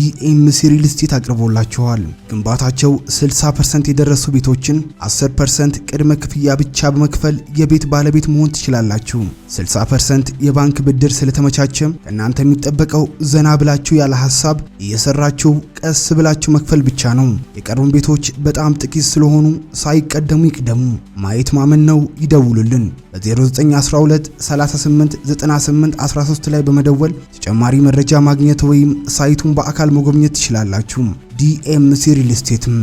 ዲኤምሲ ሪል ስቴት አቅርቦላቸዋል። ግንባታቸው 60% የደረሱ ቤቶችን 10% ቅድመ ክፍያ ብቻ በመክፈል የቤት ባለቤት መሆን ትችላላችሁ። 60% የባንክ ብድር ስለተመቻቸም ከእናንተ የሚጠበቀው ዘና ብላችሁ ያለ ሀሳብ እየሰራችሁ ቀስ ብላችሁ መክፈል ብቻ ነው። የቀሩን ቤቶች በጣም ጥቂት ስለሆኑ ሳይቀደሙ ይቅደሙ። ማየት ማመን ነው። ይደውሉልን። በ0912 13 ላይ በመደወል ተጨማሪ መረጃ ማግኘት ወይም ሳይቱን በአካል መጎብኘት ትችላላችሁ። ዲኤምሲ ሪል ስቴትም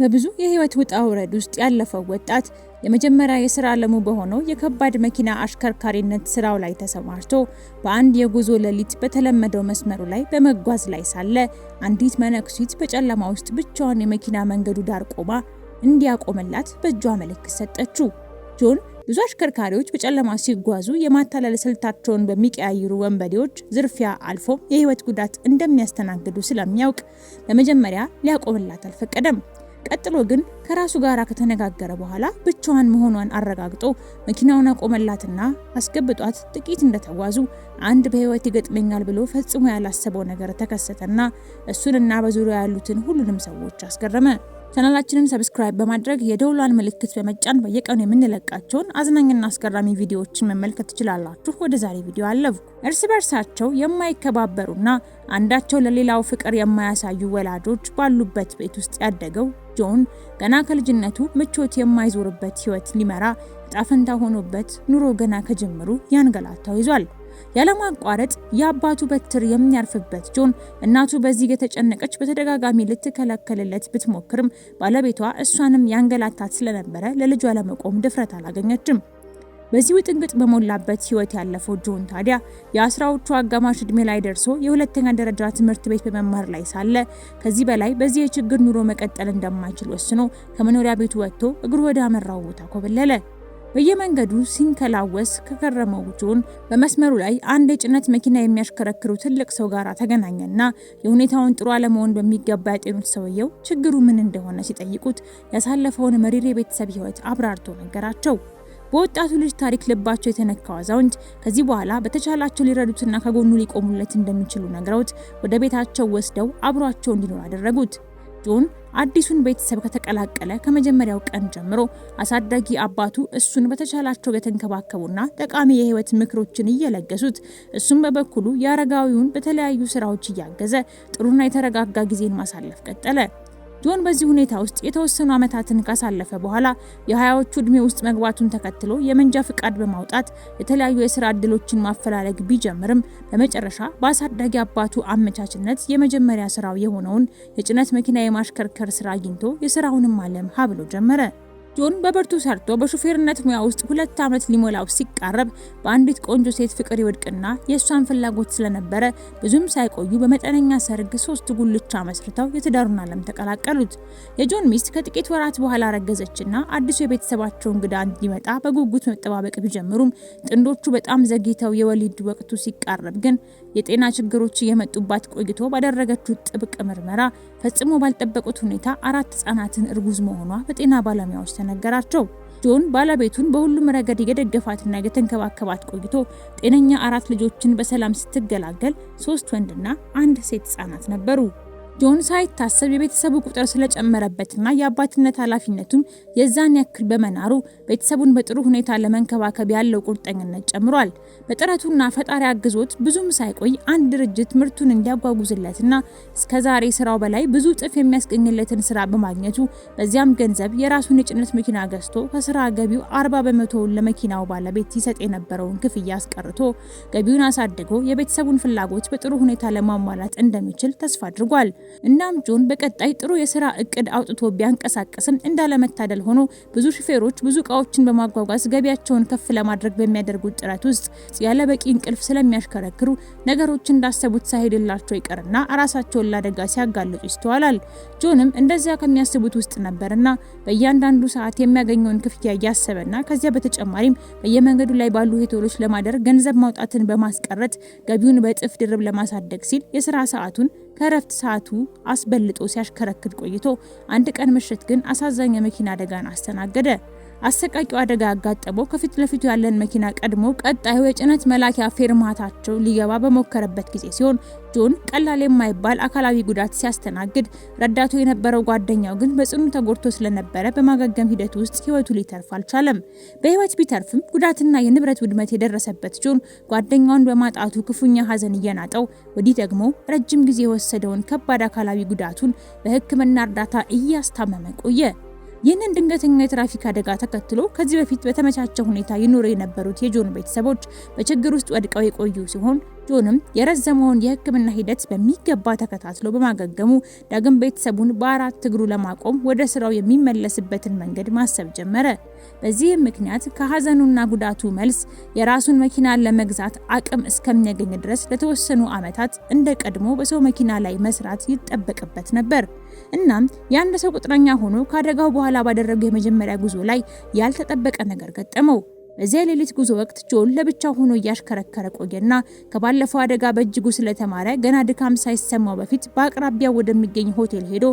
በብዙ የህይወት ውጣ ውረድ ውስጥ ያለፈው ወጣት የመጀመሪያ የስራ አለሙ በሆነው የከባድ መኪና አሽከርካሪነት ስራው ላይ ተሰማርቶ በአንድ የጉዞ ሌሊት በተለመደው መስመሩ ላይ በመጓዝ ላይ ሳለ አንዲት መነኩሲት በጨለማ ውስጥ ብቻዋን የመኪና መንገዱ ዳር ቆማ እንዲያቆምላት በእጇ ምልክት ሰጠችው። ጆን ብዙ አሽከርካሪዎች በጨለማ ሲጓዙ የማታለል ስልታቸውን በሚቀያይሩ ወንበዴዎች ዝርፊያ፣ አልፎም የህይወት ጉዳት እንደሚያስተናግዱ ስለሚያውቅ በመጀመሪያ ሊያቆምላት አልፈቀደም። ቀጥሎ ግን ከራሱ ጋር ከተነጋገረ በኋላ ብቻዋን መሆኗን አረጋግጦ መኪናውን አቆመላትና አስገብጧት ጥቂት እንደተጓዙ አንድ በህይወት ይገጥመኛል ብሎ ፈጽሞ ያላሰበው ነገር ተከሰተና እሱንና በዙሪያ ያሉትን ሁሉንም ሰዎች አስገረመ። ቻናላችንን ሰብስክራይብ በማድረግ የደውሏን ምልክት በመጫን በየቀኑ የምንለቃቸውን አዝናኝና አስገራሚ ቪዲዮዎችን መመልከት ትችላላችሁ። ወደ ዛሬ ቪዲዮ አለፉ። እርስ በርሳቸው የማይከባበሩና አንዳቸው ለሌላው ፍቅር የማያሳዩ ወላጆች ባሉበት ቤት ውስጥ ያደገው ጆን ገና ከልጅነቱ ምቾት የማይዞርበት ህይወት ሊመራ ጣፈንታ ሆኖበት ኑሮ ገና ከጀምሩ ያንገላታው ይዟል። ያለማቋረጥ የአባቱ በትር የሚያርፍበት ጆን እናቱ በዚህ የተጨነቀች በተደጋጋሚ ልትከለከልለት ብትሞክርም ባለቤቷ እሷንም ያንገላታት ስለነበረ ለልጇ ለመቆም ድፍረት አላገኘችም። በዚህ ውጥንቅጥ በሞላበት ህይወት ያለፈው ጆን ታዲያ የአስራዎቹ አጋማሽ እድሜ ላይ ደርሶ የሁለተኛ ደረጃ ትምህርት ቤት በመማር ላይ ሳለ ከዚህ በላይ በዚህ የችግር ኑሮ መቀጠል እንደማይችል ወስኖ ከመኖሪያ ቤቱ ወጥቶ እግሩ ወደ አመራው ቦታ ኮበለለ። በየመንገዱ ሲንከላወስ ከከረመው ጆን በመስመሩ ላይ አንድ የጭነት መኪና የሚያሽከረክሩ ትልቅ ሰው ጋር ተገናኘና የሁኔታውን ጥሩ አለመሆን በሚገባ ያጤኑት ሰውየው ችግሩ ምን እንደሆነ ሲጠይቁት ያሳለፈውን መሪር የቤተሰብ ህይወት አብራርቶ ነገራቸው። በወጣቱ ልጅ ታሪክ ልባቸው የተነካው አዛውንት ከዚህ በኋላ በተቻላቸው ሊረዱትና ከጎኑ ሊቆሙለት እንደሚችሉ ነግረውት ወደ ቤታቸው ወስደው አብሯቸው እንዲኖር አደረጉት። ጆን አዲሱን ቤተሰብ ከተቀላቀለ ከመጀመሪያው ቀን ጀምሮ አሳዳጊ አባቱ እሱን በተቻላቸው የተንከባከቡና ጠቃሚ የህይወት ምክሮችን እየለገሱት፣ እሱም በበኩሉ የአረጋዊውን በተለያዩ ስራዎች እያገዘ ጥሩና የተረጋጋ ጊዜን ማሳለፍ ቀጠለ። ጆን በዚህ ሁኔታ ውስጥ የተወሰኑ ዓመታትን ካሳለፈ በኋላ የሀያዎቹ እድሜ ውስጥ መግባቱን ተከትሎ የመንጃ ፍቃድ በማውጣት የተለያዩ የስራ እድሎችን ማፈላለግ ቢጀምርም በመጨረሻ በአሳዳጊ አባቱ አመቻችነት የመጀመሪያ ስራው የሆነውን የጭነት መኪና የማሽከርከር ስራ አግኝቶ የስራውንም አለም ሀብሎ ጀመረ። ጆን በብርቱ ሰርቶ በሹፌርነት ሙያ ውስጥ ሁለት ዓመት ሊሞላው ሲቃረብ በአንዲት ቆንጆ ሴት ፍቅር ይወድቅና የእሷን ፍላጎት ስለነበረ ብዙም ሳይቆዩ በመጠነኛ ሰርግ ሶስት ጉልቻ መስርተው የትዳሩን ዓለም ተቀላቀሉት። የጆን ሚስት ከጥቂት ወራት በኋላ ረገዘችና አዲሱ የቤተሰባቸው እንግዳ እንዲመጣ በጉጉት መጠባበቅ ቢጀምሩም ጥንዶቹ በጣም ዘግይተው የወሊድ ወቅቱ ሲቃረብ ግን የጤና ችግሮች እየመጡባት ቆይቶ ባደረገችው ጥብቅ ምርመራ ፈጽሞ ባልጠበቁት ሁኔታ አራት ህጻናትን እርጉዝ መሆኗ በጤና ባለሙያዎች ተነ ነገራቸው። ጆን ባለቤቱን በሁሉም ረገድ የደገፋትና የተንከባከባት ቆይቶ ጤነኛ አራት ልጆችን በሰላም ስትገላገል ሶስት ወንድና አንድ ሴት ህጻናት ነበሩ። ጆን ሳይታሰብ የቤተሰቡ ቁጥር ስለጨመረበትና የአባትነት ኃላፊነቱም የዛን ያክል በመናሩ ቤተሰቡን በጥሩ ሁኔታ ለመንከባከብ ያለው ቁርጠኝነት ጨምሯል። በጥረቱና ፈጣሪ አግዞት ብዙም ሳይቆይ አንድ ድርጅት ምርቱን እንዲያጓጉዝለትና እስከዛሬ ስራው በላይ ብዙ ጥፍ የሚያስገኝለትን ስራ በማግኘቱ በዚያም ገንዘብ የራሱን የጭነት መኪና ገዝቶ ከስራ ገቢው 40 በመቶውን ለመኪናው ባለቤት ይሰጥ የነበረውን ክፍያ አስቀርቶ ገቢውን አሳድጎ የቤተሰቡን ፍላጎት በጥሩ ሁኔታ ለማሟላት እንደሚችል ተስፋ አድርጓል። እናም ጆን በቀጣይ ጥሩ የስራ እቅድ አውጥቶ ቢያንቀሳቀስም እንዳለመታደል ሆኖ ብዙ ሹፌሮች ብዙ እቃዎችን በማጓጓዝ ገቢያቸውን ከፍ ለማድረግ በሚያደርጉት ጥረት ውስጥ ያለ በቂ እንቅልፍ ስለሚያሽከረክሩ ነገሮች እንዳሰቡት ሳይሄድላቸው ይቀርና ራሳቸውን ለአደጋ ሲያጋልጡ ይስተዋላል። ጆንም እንደዚያ ከሚያስቡት ውስጥ ነበርና በእያንዳንዱ ሰዓት የሚያገኘውን ክፍያ እያሰበና ከዚያ በተጨማሪም በየመንገዱ ላይ ባሉ ሆቴሎች ለማደር ገንዘብ ማውጣትን በማስቀረት ገቢውን በእጥፍ ድርብ ለማሳደግ ሲል የስራ ሰዓቱን ከእረፍት ሰዓቱ አስበልጦ ሲያሽከረክድ ቆይቶ አንድ ቀን ምሽት ግን አሳዛኝ የመኪና አደጋን አስተናገደ። አሰቃቂው አደጋ ያጋጠመው ከፊት ለፊቱ ያለን መኪና ቀድሞ ቀጣዩ የጭነት መላኪያ ፌርማታቸው ሊገባ በሞከረበት ጊዜ ሲሆን ጆን ቀላል የማይባል አካላዊ ጉዳት ሲያስተናግድ ረዳቱ የነበረው ጓደኛው ግን በጽኑ ተጎድቶ ስለነበረ በማገገም ሂደት ውስጥ ህይወቱ ሊተርፍ አልቻለም። በህይወት ቢተርፍም ጉዳትና የንብረት ውድመት የደረሰበት ጆን ጓደኛውን በማጣቱ ክፉኛ ሀዘን እየናጠው፣ ወዲህ ደግሞ ረጅም ጊዜ የወሰደውን ከባድ አካላዊ ጉዳቱን በህክምና እርዳታ እያስታመመ ቆየ። ይህንን ድንገተኛ የትራፊክ አደጋ ተከትሎ ከዚህ በፊት በተመቻቸ ሁኔታ ይኖሩ የነበሩት የጆን ቤተሰቦች በችግር ውስጥ ወድቀው የቆዩ ሲሆን ጆንም የረዘመውን የሕክምና ሂደት በሚገባ ተከታትሎ በማገገሙ ዳግም ቤተሰቡን በአራት እግሩ ለማቆም ወደ ስራው የሚመለስበትን መንገድ ማሰብ ጀመረ። በዚህም ምክንያት ከሀዘኑና ጉዳቱ መልስ የራሱን መኪና ለመግዛት አቅም እስከሚያገኝ ድረስ ለተወሰኑ ዓመታት እንደ ቀድሞ በሰው መኪና ላይ መስራት ይጠበቅበት ነበር። እናም የአንድ ሰው ቁጥረኛ ሆኖ ከአደጋው በኋላ ባደረገው የመጀመሪያ ጉዞ ላይ ያልተጠበቀ ነገር ገጠመው። በዚያ የሌሊት ጉዞ ወቅት ጆን ለብቻው ሆኖ እያሽከረከረ ቆየና ከባለፈው አደጋ በእጅጉ ስለተማረ ገና ድካም ሳይሰማው በፊት በአቅራቢያ ወደሚገኝ ሆቴል ሄዶ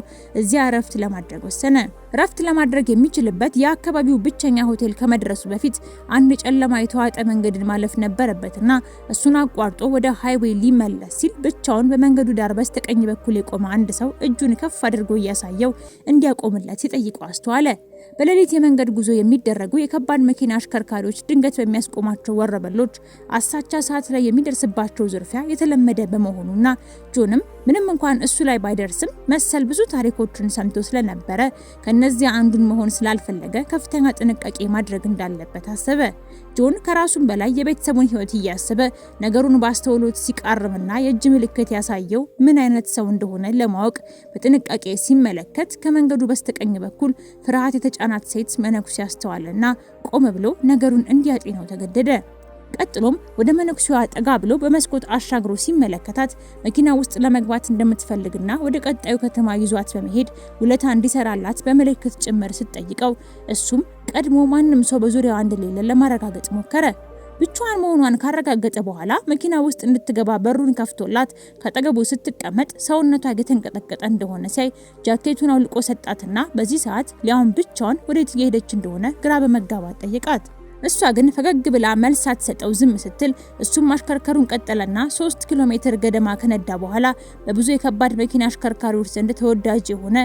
እዚያ እረፍት ለማድረግ ወሰነ። እረፍት ለማድረግ የሚችልበት የአካባቢው ብቸኛ ሆቴል ከመድረሱ በፊት አንድ ጨለማ የተዋጠ መንገድን ማለፍ ነበረበትና እሱን አቋርጦ ወደ ሃይዌይ ሊመለስ ሲል ብቻውን በመንገዱ ዳር በስተቀኝ በኩል የቆመ አንድ ሰው እጁን ከፍ አድርጎ እያሳየው እንዲያቆምለት ሲጠይቀው አስተዋለ። በሌሊት የመንገድ ጉዞ የሚደረጉ የከባድ መኪና አሽከርካሪዎች ድንገት በሚያስቆማቸው ወረበሎች አሳቻ ሰዓት ላይ የሚደርስባቸው ዝርፊያ የተለመደ በመሆኑና ጆንም ምንም እንኳን እሱ ላይ ባይደርስም መሰል ብዙ ታሪኮችን ሰምቶ ስለነበረ ከነዚያ አንዱን መሆን ስላልፈለገ ከፍተኛ ጥንቃቄ ማድረግ እንዳለበት አሰበ። ጆን ከራሱም በላይ የቤተሰቡን ህይወት እያሰበ ነገሩን ባስተውሎት ሲቃርምና የእጅ ምልክት ያሳየው ምን አይነት ሰው እንደሆነ ለማወቅ በጥንቃቄ ሲመለከት ከመንገዱ በስተቀኝ በኩል ፍርሃት የተጫናት ሴት መነኩስ ያስተዋልና ቆም ብሎ ነገሩን እንዲያጤነው ተገደደ። ቀጥሎም ወደ መነኩሴዋ ጠጋ ብሎ በመስኮት አሻግሮ ሲመለከታት መኪና ውስጥ ለመግባት እንደምትፈልግና ወደ ቀጣዩ ከተማ ይዟት በመሄድ ውለታ እንዲሰራላት በምልክት ጭምር ስትጠይቀው እሱም ቀድሞ ማንም ሰው በዙሪያዋ እንደሌለ ለማረጋገጥ ሞከረ። ብቻዋን መሆኗን ካረጋገጠ በኋላ መኪና ውስጥ እንድትገባ በሩን ከፍቶላት ከአጠገቡ ስትቀመጥ ሰውነቷ የተንቀጠቀጠ እንደሆነ ሲያይ ጃኬቱን አውልቆ ሰጣትና በዚህ ሰዓት ሊያውን ብቻዋን ወዴት እየሄደች እንደሆነ ግራ በመጋባት ጠየቃት። እሷ ግን ፈገግ ብላ መልስ አትሰጠው ዝም ስትል እሱም ማሽከርከሩን ቀጠለና ሶስት ኪሎ ሜትር ገደማ ከነዳ በኋላ በብዙ የከባድ መኪና አሽከርካሪዎች ዘንድ ተወዳጅ የሆነ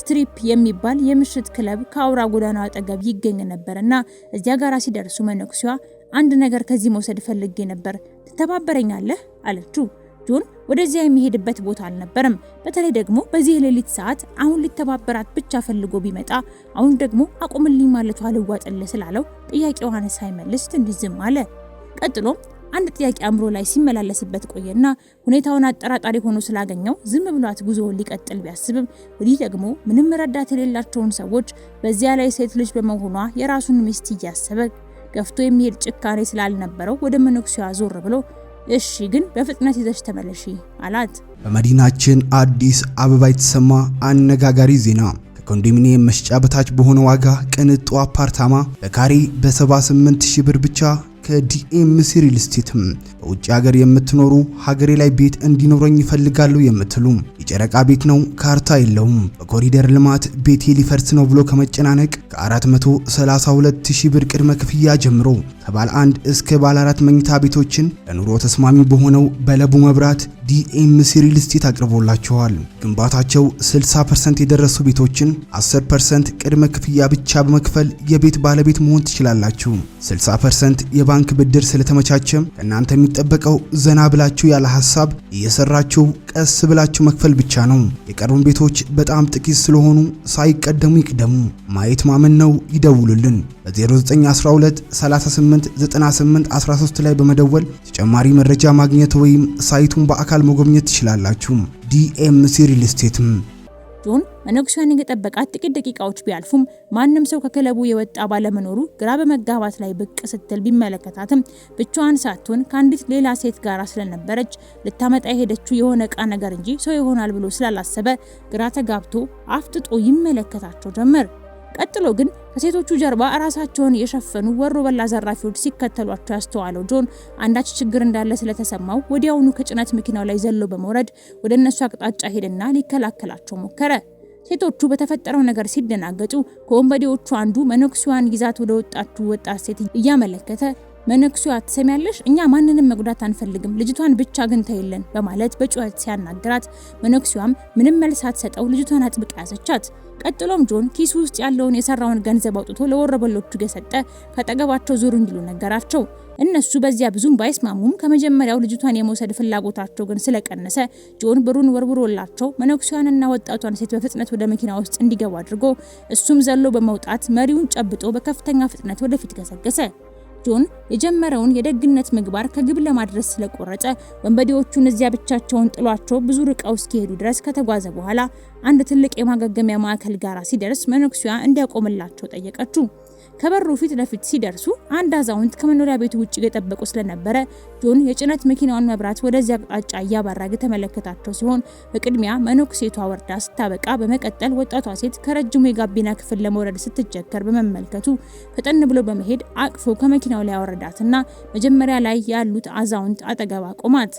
ስትሪፕ የሚባል የምሽት ክለብ ከአውራ ጎዳና አጠገብ ይገኝ ነበርና እዚያ ጋራ ሲደርሱ መነኩሴዋ አንድ ነገር ከዚህ መውሰድ ፈልጌ ነበር፣ ትተባበረኛለህ አለችው። ጆን ወደዚያ የሚሄድበት ቦታ አልነበረም። በተለይ ደግሞ በዚህ ሌሊት ሰዓት አሁን ሊተባበራት ብቻ ፈልጎ ቢመጣ አሁን ደግሞ አቁምልኝ ማለቱ አልዋጥልህ ስላለው ጥያቄዋን ሳይመልስ ትንሽ ዝም አለ። ቀጥሎም አንድ ጥያቄ አእምሮ ላይ ሲመላለስበት ቆየና ሁኔታውን አጠራጣሪ ሆኖ ስላገኘው ዝም ብሏት ጉዞውን ሊቀጥል ቢያስብም ወዲህ ደግሞ ምንም ረዳት የሌላቸውን ሰዎች በዚያ ላይ ሴት ልጅ በመሆኗ የራሱን ሚስት እያሰበ ገፍቶ የሚሄድ ጭካኔ ስላልነበረው ወደ መነኩሴዋ ዞር ብሎ እሺ ግን በፍጥነት ይዘሽ ተመለሺ አላት። በመዲናችን አዲስ አበባ የተሰማ አነጋጋሪ ዜና ከኮንዶሚኒየም መሸጫ በታች በሆነ ዋጋ ቅንጡ አፓርታማ በካሬ በ78 ሺህ ብር ብቻ ከዲኤምሲ ሪል ስቴትም በውጭ ሀገር የምትኖሩ ሀገሬ ላይ ቤት እንዲኖረኝ ይፈልጋሉ የምትሉ የጨረቃ ቤት ነው፣ ካርታ የለውም፣ በኮሪደር ልማት ቤቴ ሊፈርስ ነው ብሎ ከመጨናነቅ ከ432000 ብር ቅድመ ክፍያ ጀምሮ ከባለ አንድ እስከ ባለ አራት መኝታ ቤቶችን ለኑሮ ተስማሚ በሆነው በለቡ መብራት ዲኤምሲ ሪል ስቴት አቅርቦላቸዋል። ግንባታቸው 60% የደረሱ ቤቶችን 10% ቅድመ ክፍያ ብቻ በመክፈል የቤት ባለቤት መሆን ትችላላችሁ። 60% የባንክ ብድር ስለተመቻቸም ከእናንተ የሚጠበቀው ዘና ብላችሁ ያለ ሀሳብ እየሰራችሁ ቀስ ብላችሁ መክፈል ብቻ ነው። የቀሩን ቤቶች በጣም ጥቂት ስለሆኑ ሳይቀደሙ ይቅደሙ። ማየት ማመን ነው። ይደውሉልን። በ0912 38 98 13 ላይ በመደወል ተጨማሪ መረጃ ማግኘት ወይም ሳይቱን በአካል መጎብኘት ትችላላችሁ። ዲኤምሲ ሪል ስቴትም መነኩሴን የጠበቃት ጥቂት ደቂቃዎች ቢያልፉም ማንም ሰው ከክለቡ የወጣ ባለመኖሩ ግራ በመጋባት ላይ ብቅ ስትል ቢመለከታትም ብቻዋን ሳትሆን ከአንዲት ሌላ ሴት ጋር ስለነበረች ልታመጣ የሄደችው የሆነ እቃ ነገር እንጂ ሰው ይሆናል ብሎ ስላላሰበ ግራ ተጋብቶ አፍጥጦ ይመለከታቸው ጀመር። ቀጥሎ ግን ከሴቶቹ ጀርባ ራሳቸውን የሸፈኑ ወሮ በላ ዘራፊዎች ሲከተሏቸው ያስተዋለው ጆን አንዳች ችግር እንዳለ ስለተሰማው ወዲያውኑ ከጭነት መኪናው ላይ ዘሎ በመውረድ ወደ እነሱ አቅጣጫ ሄደና ሊከላከላቸው ሞከረ። ሴቶቹ በተፈጠረው ነገር ሲደናገጡ ከወንበዴዎቹ አንዱ መነኩሴዋን ይዛት ወደ ወጣቱ ወጣት ሴት እያመለከተ መነኩሴዋ ትሰሚያለሽ? እኛ ማንንም መጉዳት አንፈልግም፣ ልጅቷን ብቻ ግን ተይለን በማለት በጩኸት ሲያናግራት፣ መነኩሴዋም ምንም መልስ ሳትሰጠው ልጅቷን አጥብቃ ያዘቻት። ቀጥሎም ጆን ኪሱ ውስጥ ያለውን የሰራውን ገንዘብ አውጥቶ ለወረበሎቹ የሰጠ ከጠገባቸው ዞር እንዲሉ ነገራቸው። እነሱ በዚያ ብዙም ባይስማሙም ከመጀመሪያው ልጅቷን የመውሰድ ፍላጎታቸው ግን ስለቀነሰ ጆን ብሩን ወርውሮላቸው መነኩሴዋንና ወጣቷን ሴት በፍጥነት ወደ መኪና ውስጥ እንዲገቡ አድርጎ እሱም ዘሎ በመውጣት መሪውን ጨብጦ በከፍተኛ ፍጥነት ወደፊት ገሰገሰ። ጆን የጀመረውን የደግነት ምግባር ከግብ ለማድረስ ስለቆረጠ ወንበዴዎቹን እዚያ ብቻቸውን ጥሏቸው ብዙ ርቀው እስኪሄዱ ድረስ ከተጓዘ በኋላ አንድ ትልቅ የማገገሚያ ማዕከል ጋራ ሲደርስ መነኩሴዋ እንዲያቆምላቸው ጠየቀችው። ከበሩ ፊት ለፊት ሲደርሱ አንድ አዛውንት ከመኖሪያ ቤቱ ውጭ የጠበቁ ስለነበረ ጆን የጭነት መኪናውን መብራት ወደዚያ አቅጣጫ እያባራገ ተመለከታቸው ሲሆን በቅድሚያ ሴቷ ወርዳ ስታበቃ፣ በመቀጠል ወጣቷ ሴት ከረጅሙ የጋቢና ክፍል ለመውረድ ስትቸገር በመመልከቱ ፈጠን ብሎ በመሄድ አቅፎ ከመኪናው ላይ ያወረዳትና መጀመሪያ ላይ ያሉት አዛውንት አጠገባ ቆማት።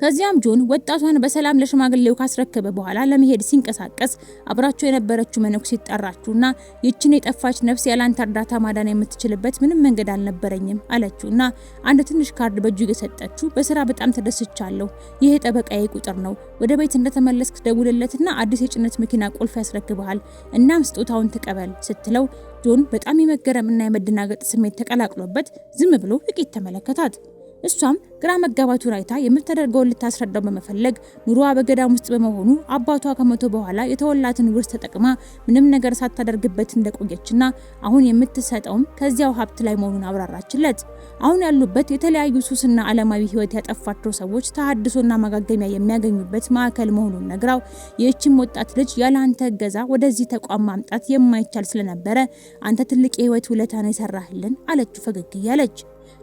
ከዚያም ጆን ወጣቷን በሰላም ለሽማግሌው ካስረከበ በኋላ ለመሄድ ሲንቀሳቀስ አብራቸው የነበረችው መነኩሴት ጠራችውና ይችን የጠፋች ነፍስ ያላንተ እርዳታ ማዳን የምትችልበት ምንም መንገድ አልነበረኝም አለችውና አንድ ትንሽ ካርድ በእጁ የሰጠችው በስራ በጣም ተደስቻለሁ፣ ይሄ ጠበቃዬ ቁጥር ነው። ወደ ቤት እንደተመለስክ ደውልለትና አዲስ የጭነት መኪና ቁልፍ ያስረክብሃል። እናም ስጦታውን ተቀበል ስትለው ጆን በጣም የመገረምና የመደናገጥ ስሜት ተቀላቅሎበት ዝም ብሎ ጥቂት ተመለከታት። እሷም ግራ መጋባቱን አይታ የምታደርገውን ልታስረዳው በመፈለግ ኑሮዋ በገዳም ውስጥ በመሆኑ አባቷ ከሞተ በኋላ የተወላትን ውርስ ተጠቅማ ምንም ነገር ሳታደርግበት እንደቆየችና አሁን የምትሰጠውም ከዚያው ሀብት ላይ መሆኑን አብራራችለት። አሁን ያሉበት የተለያዩ ሱስና ዓለማዊ ሕይወት ያጠፋቸው ሰዎች ተሃድሶና ማጋገሚያ የሚያገኙበት ማዕከል መሆኑን ነግራው ይህችም ወጣት ልጅ ያለ አንተ እገዛ ወደዚህ ተቋም ማምጣት የማይቻል ስለነበረ አንተ ትልቅ የሕይወት ውለታን የሰራህልን አለችው ፈገግ እያለች።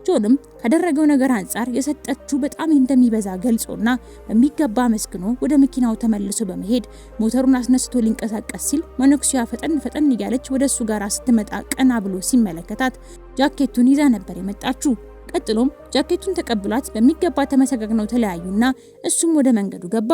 ጆንም ካደረገው ነገር አንጻር የሰጠችው በጣም እንደሚበዛ ገልጾና በሚገባ መስክኖ ወደ መኪናው ተመልሶ በመሄድ ሞተሩን አስነስቶ ሊንቀሳቀስ ሲል መነኩሲያ ፈጠን ፈጠን እያለች ወደ እሱ ጋር ስትመጣ ቀና ብሎ ሲመለከታት ጃኬቱን ይዛ ነበር የመጣችው። ቀጥሎም ጃኬቱን ተቀብሏት በሚገባ ተመሰጋግነው ተለያዩና እሱም ወደ መንገዱ ገባ።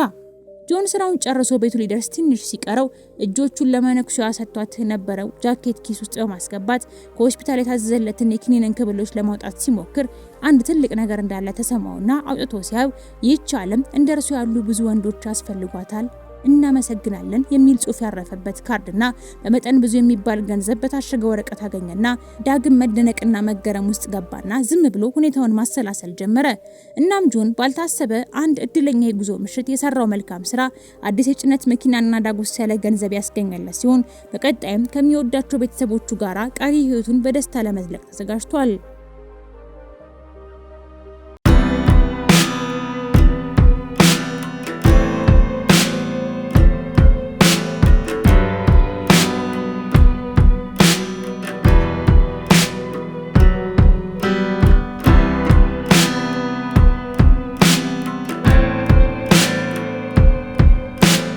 ጆን ስራውን ጨርሶ ቤቱ ሊደርስ ትንሽ ሲቀረው እጆቹን ለመነኩሴዋ ሰጥቷት ነበረው ጃኬት ኪስ ውስጥ በማስገባት ከሆስፒታል የታዘዘለትን የክኒንን ክብሎች ለማውጣት ሲሞክር አንድ ትልቅ ነገር እንዳለ ተሰማውና አውጥቶ ሲያብ ይህች ዓለም እንደ እርሱ ያሉ ብዙ ወንዶች ያስፈልጓታል እናመሰግናለን የሚል ጽሑፍ ያረፈበት ካርድና በመጠን ብዙ የሚባል ገንዘብ በታሸገ ወረቀት አገኘና ዳግም መደነቅና መገረም ውስጥ ገባና ዝም ብሎ ሁኔታውን ማሰላሰል ጀመረ። እናም ጆን ባልታሰበ አንድ እድለኛ የጉዞ ምሽት የሰራው መልካም ስራ አዲስ የጭነት መኪናና ዳጎስ ያለ ገንዘብ ያስገኘለት ሲሆን በቀጣይም ከሚወዳቸው ቤተሰቦቹ ጋራ ቀሪ ህይወቱን በደስታ ለመዝለቅ ተዘጋጅቷል።